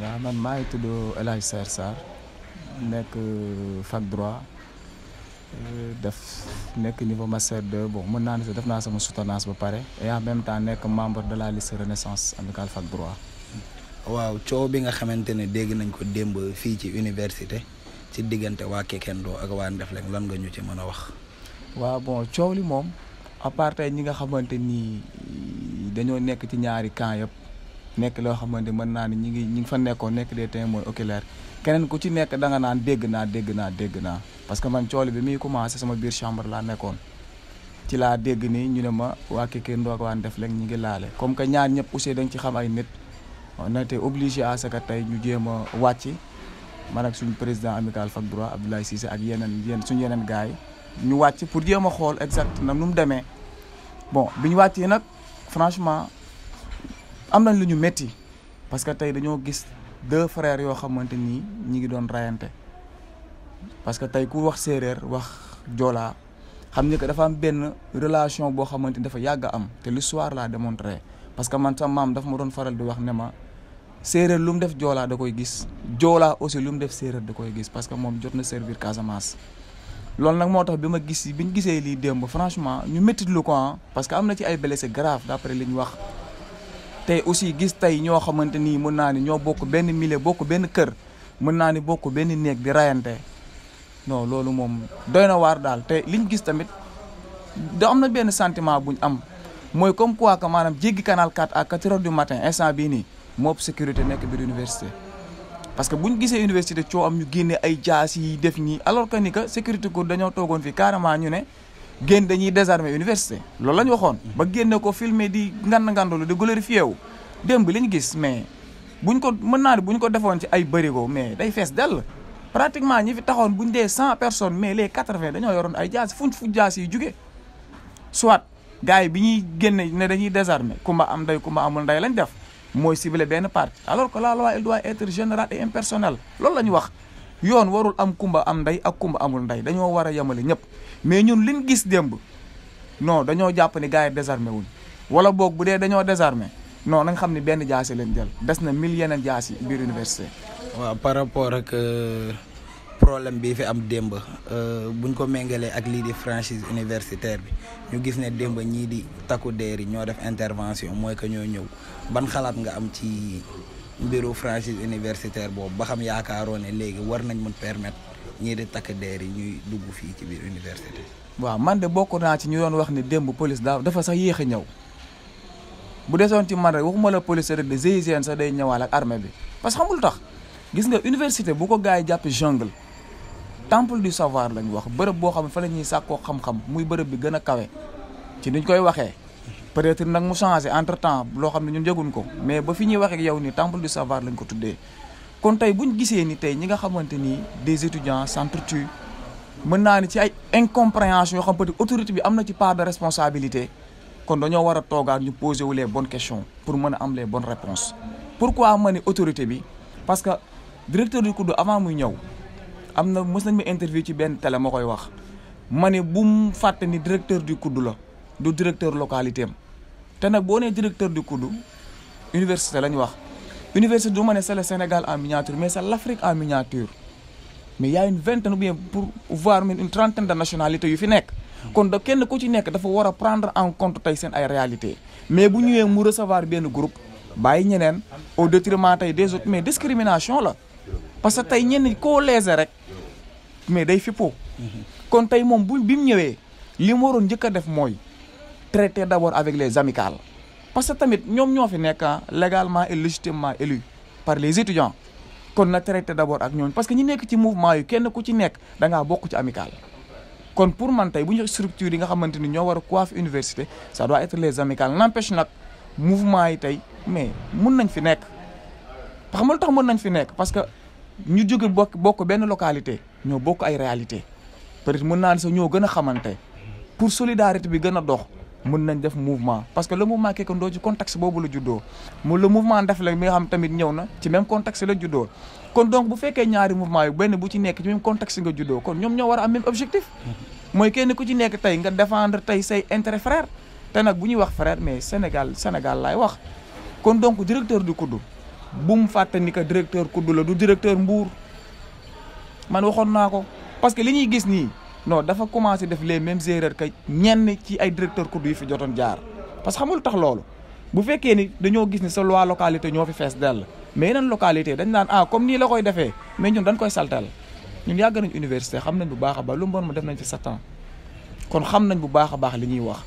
waaw man maa ngi tudd El Hadj Saer nekk euh, fac droit euh, def nekk niveau ma 2 bon mën naa ne def naa sama soutenance ba pare et en même temps nekk membre de la liste renaissance amicale fac droit. waaw coow bi nga xamante ne dégg nañ ko démb fii ci université ci diggante waa Kekendo ak waa Ndefleng lan nga ñu ci mën a wax. waaw bon coow li moom à part ñi nga xamante nii dañoo nekk ci ñaari camp yëpp. nekk loo xamante mën naa ne ñi ngi ñi ngi fa nekkoon nekk des témoins oculaires keneen ku ci nekk danga naan dégg na dégg naa dégg naa parce que man coole bi muy commencé sama biir chambre laa nekkoon ci laa dégg nii ñu ne ma waa Keke Ndoog waan def léegi ñi ngi laale comme que ñaan ñëpp aussi dañ nga ci xam ay nit on obligé à ce tey ñu jéem a wàcc man ak suñu président amical fac droit Abdoulaye Cissé ak yeneen yeneen suñu yeneen gars yi ñu wàcc pour jéem a xool exact na nu mu demee ñu wàccee nag franchement. am nañ lu ñu métti parce que tey dañoo gis deux frères yoo xamante nii ñu ngi doon rayante parce que tey ku wax séeréer wax joolaa xam nga que dafa am benn relation boo xamante ni dafa yàgg am te lu l'histoire l'a démontré parce que man sax maam dafa ma doon faral di wax ne ma séeréer lu mu def joolaa da koy gis joolaa aussi lu mu def séeréer da koy gis parce que moom jot na servir Casamance. loolu nag moo tax bi ma gis bi ñu gisee lii démb franchement ñu métti ko ah parce que am na ci ay blessés grave d'après li ñu wax tey aussi gis tey ñoo xamante ni mën naa ni ñoo bokk benn milieu bokk benn kër mën naa ni bokk benn néeg di rayante no loolu moom doy na waar daal te liñ gis tamit da am na benn sentiment buñ am mooy comme quoi que maanaam jéggi canal 4 à 4 heures du matin instant bii nii moop sécurité nekk biir université parce que buñ gisee université coo am ñu génne ay jaas yi def nii alors que ni que sécurité cour dañoo toogoon fii carrément ñu ne dañuy désarmer université loolu la ñu waxoon. ba génne ko filmer di ngand ngandolu di glorifié wu démb gis mais buñ ko mën naa buñ ko ci ay mais day fees pratiquement ñi fi taxoon buñ personnes mais les 80. vingt dañoo yoroon ay jaas fuñ fu jaas yi jugee soit gars yi bi ñuy ne dañuy désarmer am amul lañ alors que la loi doit être générale et impersonnelle yoon warul am kumba am ndey ak kumba amul ndey dañoo war a yemale ñëpp mais ñun liñ gis démb non dañoo jàpp ni gars yi désarmé wuñ wala boog bu dee dañoo désarmé non na xam ne benn jaasi leen jël des na mille yeneen jaasi biir université. waaw par rapport ak euh, problème bii fi am démb euh, buñ ko méngalee ak lii di franchise universitaire bi ñu gis ne démb ñii di takku deer yi ñoo def intervention mooy que ñoo ñëw ban xalaat nga am ci. mbiru franchise universitaire boobu ba xam yaakaaroo ne léegi war nañ mën permettre ñii di takk deer yi ñuy dugg fii ci biir université. waaw man de bokk naa ci ñu doon wax ne démb police daa dafa sax yéex a ñëw bu desoon ci man rek waxuma la police rek de GIGN sax day ñëwaal ak armée bi parce que xamul tax gis nga université bu ko gars yi jàppee jungle temple du savoir lañ wax bërëb boo xam ne fa la ñuy sàkkoo xam-xam muy bërëb bi gën a kawe ci niñ koy waxee. peut-être mu entre temps mais ba fi wax ak temple du savoir lañ ko tuddé kon des étudiants s'entretuent mën incompréhension xam peut autorité bi de responsabilité kon dañoo poser les bonnes questions pour avoir les bonnes réponses pourquoi mané autorité parce que directeur du avant muy ñëw amna nañ interview ci directeur du la du directeur localité te nag boo nee directeur du COUD université la wax université du Mané, celle c'est le Sénégal en miniature mais c'est l'Afrique en miniature mais y a une vingtaine ou bien pour voir une trentaine de nationalités yu fi quand kon da kenn ku ci nekk dafa war a prendre en compte tey seen ay réalité mais bu ñëwee mu recevoir benn groupe bàyyi ñeneen au détriment des autres mais discrimination la parce que tey ñenn koo léser rek mais day fippoo mm-hmm. kon tey moom bu bi mu ñëwee li mu waroon njëkk def traiter d'abord avec les amicales parce que tamit sommes ah, légalement et légitimement élus par les étudiants kon na traiter d'abord avec nous. parce que ñi sommes ci mouvement yu kenn dans ci mouvement, da ngaa ci amical kon pour man tey structure yi nga xamante ni ñoo war université ça doit être les amicales n'empêche le mouvement est là, mais nous nañ fi nekk xam tax mën nañ parce que nous sommes dans une localité, localité sommes dans ay réalité peut-être mën naa ne ñoo gën a pour solidarité bi gën a dox mën nañ def mouvement parce que le mouvement ndo ci contexte bobu la juddoo mo le mouvement def la mi xam tamit ñëw na ci même contexte la juddoo kon donc bu fekkee ñaari mouvement yu benn bu ci nekk ci même contexte nga judo kon ñom ñoo wara am même objectif moy kenn ku ci nekk tay nga défendre tay say intérêt frère té nak bu ñuy wax frère mais Sénégal Sénégal lay wax kon donc directeur du kudu bu mu faté ni directeur kudu la du directeur mbour man waxon nako parce que li ñuy gis ni non dafa commencé def les mêmes erreurs que ñenn ci ay directeur kudd yi fi jotoon jaar parce que xamul tax loolu bu fekkee ni dañoo gis ni sa loi localité ñoo fi fees dell mais yeneen localité dañ naan ah comme nii la koy defee mais ñun dañ koy saltal ñun yàgg nañ université xam nañ bu baax a baax lu mu bon ma def nañ fi sept kon xam nañ bu baax a baax li ñuy wax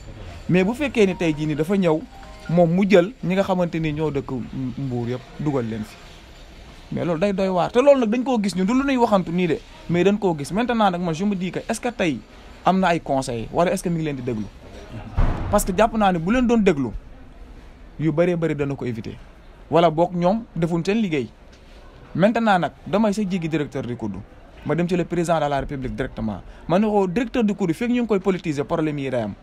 mais bu fekkee ni tey jii nii dafa ñëw moom mu jël ñi nga xamante ni ñoo dëkk mbuur yëpp dugal leen fi mais loolu day doy waar te loolu nag dañ koo gis ñu du lu ñuy waxantu nii de mais dañ koo gis maintenant nag man je me dis que est am na ay conseils wala est-ce que leen di déglu parce que jàpp naa ne bu leen doon déglu yu bëree bëri dana ko éviter wala boog ñoom defuñ seen liggéey maintenant nag damay sa jigi directeur di kuddu ma dem ci le président de la république directement ma ne ko directeur di kudd fekk ñu koy politiser problème yi day am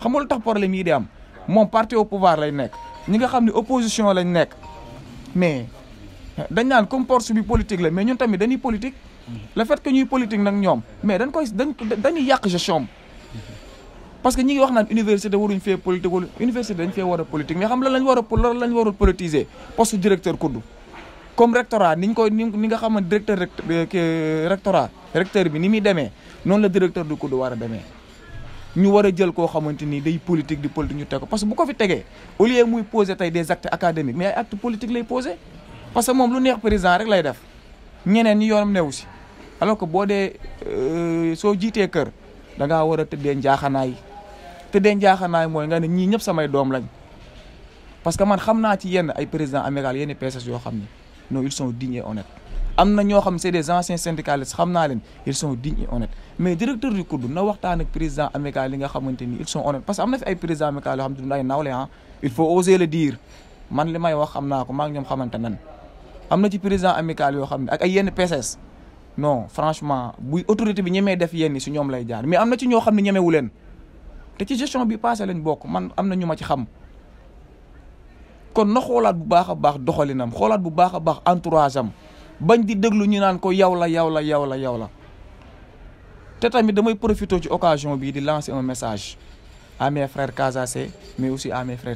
xam nga lu tax am moom parti au pouvoir lay nekk ñi nga xam ne opposition lañ nekk mais dañ naan comme force bi politique la mais ñun tamit dañuy politique. Mm-hmm. le fait que ñuy politique nag ñoom mais dañ koy yàq gestion parce que ñu ngi wax naan université waruñ fee politique wala université dañ fee war a politique mais xam la lañ war a loolu lañ warul politiser poste directeur kuddu comme rectorat ni ñu koy ni nga xam ne directeur rectorat demee noonu la directeur du kuddu war a demee ñu war koo xamante ni day politique di politique ñu teg ko parce que bu ko fi tegee au lieu muy poser tey des actes académiques mais ay actes politiques lay poser parce que moom lu neex président rek lay def ñeneen ñi yoonam newu si alors que boo dee euh, soo jiitee kër da ngaa war a tëddee njaaxanaay tëddee njaaxanaay mooy nga ne ñii ñëpp samay doom lañ parce que man xam naa ci yenn ay président amical yenn PSS yoo xam ne non ils sont dignes et honnêtes am na ñoo xam c'est des anciens syndicalistes xam naa leen ils sont dignes et honnêtes mais directeur du COUD na waxtaan président amical li nga xamante ni ils sont honnêtes parce que am na fi ay président amical yoo xam ah. may wax xam naa ko maa ngi xamante nan am na ci président amicale yoo xam ne ak ay yenn peses non franchement buy autorité bi ñemee def yenn si ñoom lay jaar mais am na ci ñoo xam ne ñemewu leen te ci gestion bi passé lañ bokk man am na ñu ma ci xam kon na xoolaat bu baax a baax doxalinam xoolaat bu baax a baax entourage am bañ di déglu ñu naan ko yow la yow la yow la yow la te tamit damay profité ci occasion bii di lancer un message à mes frères Casace mais aussi à mes frères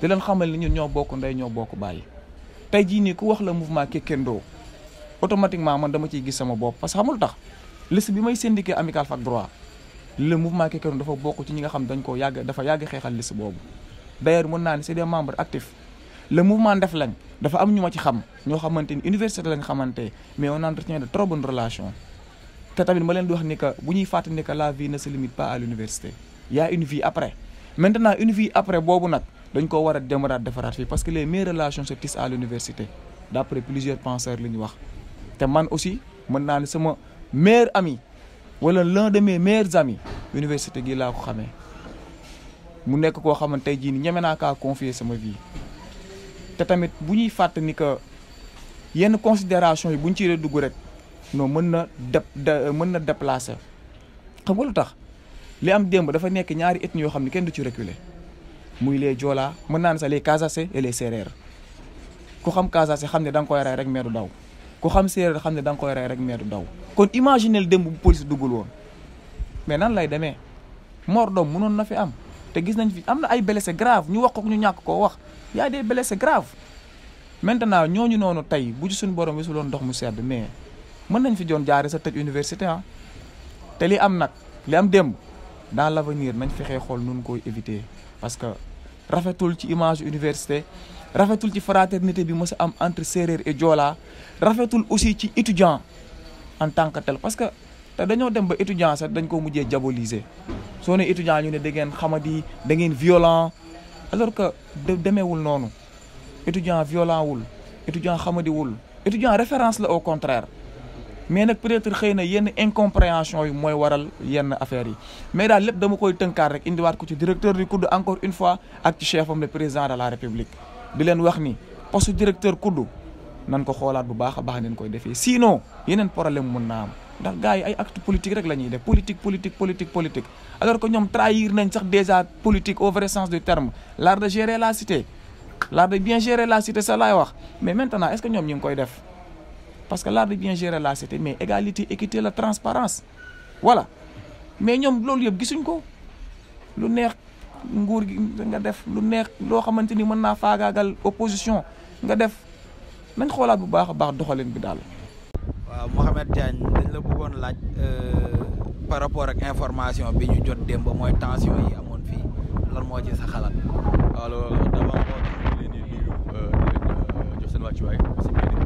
di leen xamal ni ñu ñoo bokk ndey ñoo bokk bàyyi. tey jii nii ku wax la mouvement Kekendo automatiquement man dama ciy gis sama bopp parce que xamul tax liste bi may syndiqué amical fac droit le mouvement Kekendo dafa bokk ci ñi nga xam dañ koo yàgg dafa yàgg xeexal liste boobu d'ailleurs mën naa ne c'est des membres actifs le mouvement Ndefleng dafa am ñu ma ci xam ñoo xamante ni université lañ xamante mais on entretient de trop bonnes relations te tamit ma leen di wax ni que bu ñuy fàttali ni que la vie ne se limite pas après maintenant une vie boobu nag dañ ko war a demaraat defaraat fii parce que les meilleures relations se tissent à l'université d'après plusieurs penseurs li ñu wax te man aussi mën naa ne sama meilleur ami wala l'un de mes meilleurs amis université gi laa ko xamee mu nekk koo xamante tey jii ni ñeme naa kaa confier sama vie te tamit bu ñuy fàtt ni que yenn considération yi buñ ci ciy dugg rek non mën na de mën na déplacer xam nga lu tax li am démb dafa nekk ñaari ethnies yoo xam ne kenn du ci reculer muy les Joola mën sa les Casaçais et les ku xam xam ne da koy rey rek daw ku xam ne koy rek daw kon police mais nan lay demee mort des mënoon na fi am te gis nañ fi am na ay blessés grave ñu ko ñu y a des blessés graves maintenant ñooñu noonu tey bu ci suñu borom wisu loon mu sedd mais mën nañ fi joon jaare sa tëj université ah. te li am am dans l'avenir, éviter parce que rafetul ci image université rafetul ci fraternité bi mos la am entre sérère et Toul rafetul aussi ci étudiant en tant que tel parce que te dañoo dem ba étudiant sax dañ ko mujjé diaboliser soo étudiant ñu né da ngeen xamadi da ngeen violent alors que demeewul noonu étudiant violent wul étudiant xamadi wul étudiant référence la au contraire mais nag peut-être xëy na yenn incompréhension yi mooy waral yenn affaire yi mais daal lépp dama koy tënkaar rek indiwaat ko ci directeur du COUD encore une fois ak ci chef am le président de la république di leen wax ni poste directeur COUD nan ko xoolaat bu baax a baax nañ koy defee sinon yeneen problème mun naa am ndax gars yi ay acte politique rek la ñuy def politique politique politique politique alors que ñoom trahir nañ sax déjà politique au vrai sens du terme l'art de gérer la cité l'art de bien gérer la cité ça laay wax mais maintenant est-ce que ñoom ñu ngi koy def parce que l'art bien gérer la cité mais égalité équité la transparence voilà mais ñom loolu yeb gisuñ ko lu neex nguur gi nga def lu neex lo xamanteni ni mën naa faagaagal opposition nga def nañ xolaat bu baax baax doxalen bi dal waaw Mouhamed Diagne dañ la bëggoon laaj euh par rapport ak information bi ñu jot démb moy tension yi amoon fi lan mo ci sa xalaat. waaw loolu d'abord moo tax ñu euh di nuyu di leen euh, jox seen wàccuwaay aussi.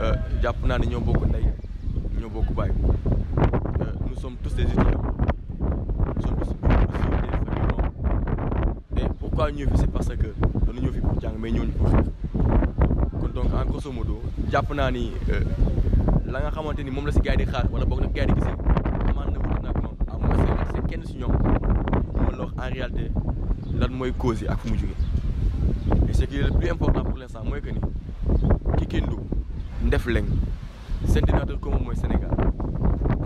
Euh, jàpp naa ne ñoo bokk ndey ñoo bokk baay euh, nous sommes tous des étudiants nous sommes tous pourquoi ñëw fi c'est parce que dañu fi pour jàng mais ñëwuñu pour xeex kon donc en grosso modo jàpp naa ni euh, la nga xamante ni moom la si gars yi di xaar wala boog nag gars yi di gisee amaan na wut nag moom à moins c'est kenn si ñoom ñu mën la en réalité lan mooy cause yi ak fu mu jógee et ce le plus important pour l'instant mooy que ni Kikendou ndef leng dinateur commun mooy Sénégal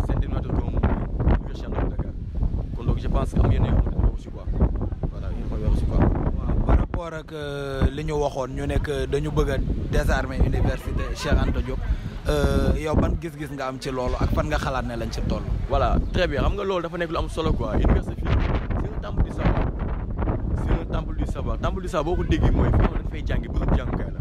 seen dinateur commun le région de Dakar kon donc je pense am yene yoo xamante ci quoi voilà faut mooy ci quoi. par rapport ak euh, li ñu waxoon ñu nek euh, dañu bëgg a désarmer université Cheikh anto Diop euh, yow ban gis-gis nga am ci lolu ak fan nga xalaat ne lañ ci toll. voilà très bien xam nga lolu dafa nek lu am solo quoi université fii c'est un temple du savoir c'est un temple du savoir temple du savoir boo ko moy fa dañ fay jàngi jang kay la.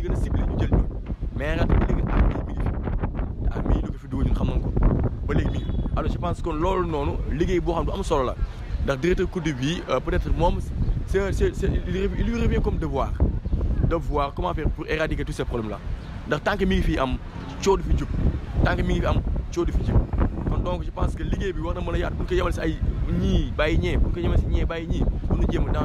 ñu gën a ciblé ñu jël mais ren ba léegi mi lu fi dugal ñun xam nañ ba léegi alors je pense que loolu nonou liggéey bo xam du am solo la ndax directeur COUD bi euh, peut-être moom c'est il lui revient comme devoir de voir comment faire pour éradiquer tous ces problèmes là ndax tant que mi fi am coow du fi jub tant que mi fi am coow du fi jub kon donc je pense que liggéey bi war na yaat pour que yewal ci ay ñi baye ñe pour que ko yemal si ñee bàyyi ñii pour nous jëm dans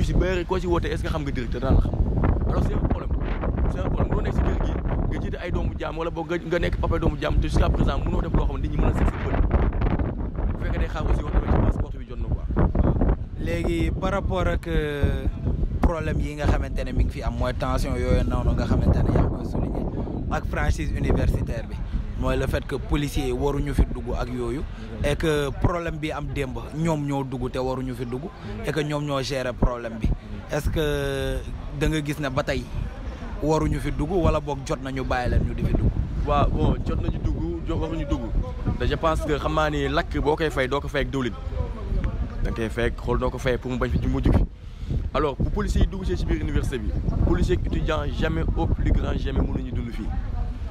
ñu si bëri koo ci woote est xam nga directeur daan la xam alors c'est un problème c'est un problème loo nekk si nga doomu jaam wala boog nga nekk papa doomu jaam te jusqu'à présent mënoo def loo xam ne nit ñi mën a seet si bët bu fekkee léegi par rapport ak euh, problème yi nga xamante ne mi ngi fi am mooy tension yooyu noonu nga xamante ne yaa ngi koy souligné ak franchise universitaire bi. moy le fait que policiers waruñu fi dugg ak yoyu et que problème bi am demb ñom ñoo dugg te waruñu fi dugg et que ñom ñoo gérer problème bi est-ce que da nga gis na batay waruñu fi dugg wala bok jot nañu bàyyi leen ñu di fi dugg wa bon jot nañu dugg jot waruñu dugg te je pense que xamani naa bokay fay doko fay ak diwlin da fay xol doko fay pour mu bañ fi ci mujj gi alors bu policier yi dugg ci biir université bi policiers étudiant jamais au plus grand jamais mënuñu dund fi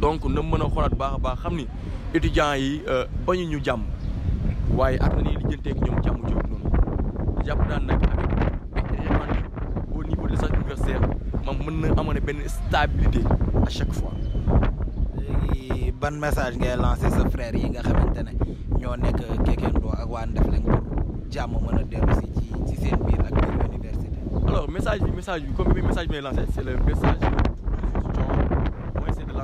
donc na mën a xoolaat baax a baax xam ni étudiants yi euh, bañu ñu jàmm waaye ak na ñuy lijjantee ñoom jàmm jooju jàpp daan nag avec sa universitaire man mën na amoon benn stabilité chaque fois. léegi ban message ngay lancé sa frère yi nga xamante ne ak waa Ndefleng pour jàmm mën a dellu si ci ci seen biir ak biir université. alors message bi message bi comme bi message bi message.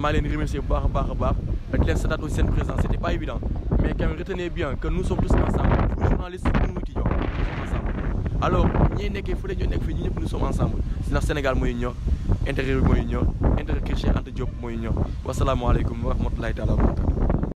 maa leen remercier Bar Bar, a avec a baax aussi seen présence c'était pas évident mais quand retenait retenez bien que nous sommes tous ensemble vous journalistes nous étudiants nous sommes ensemble alors ñiy nekkee fële ñoo nekk fii ñu ñëpp nous sommes ensemble C'est le Sénégal mooy ñor intérêt bi mooy ñor intérêt Cheikh Anta Diop mooy ñor wasalaamualeykum wa rahmatulahi taala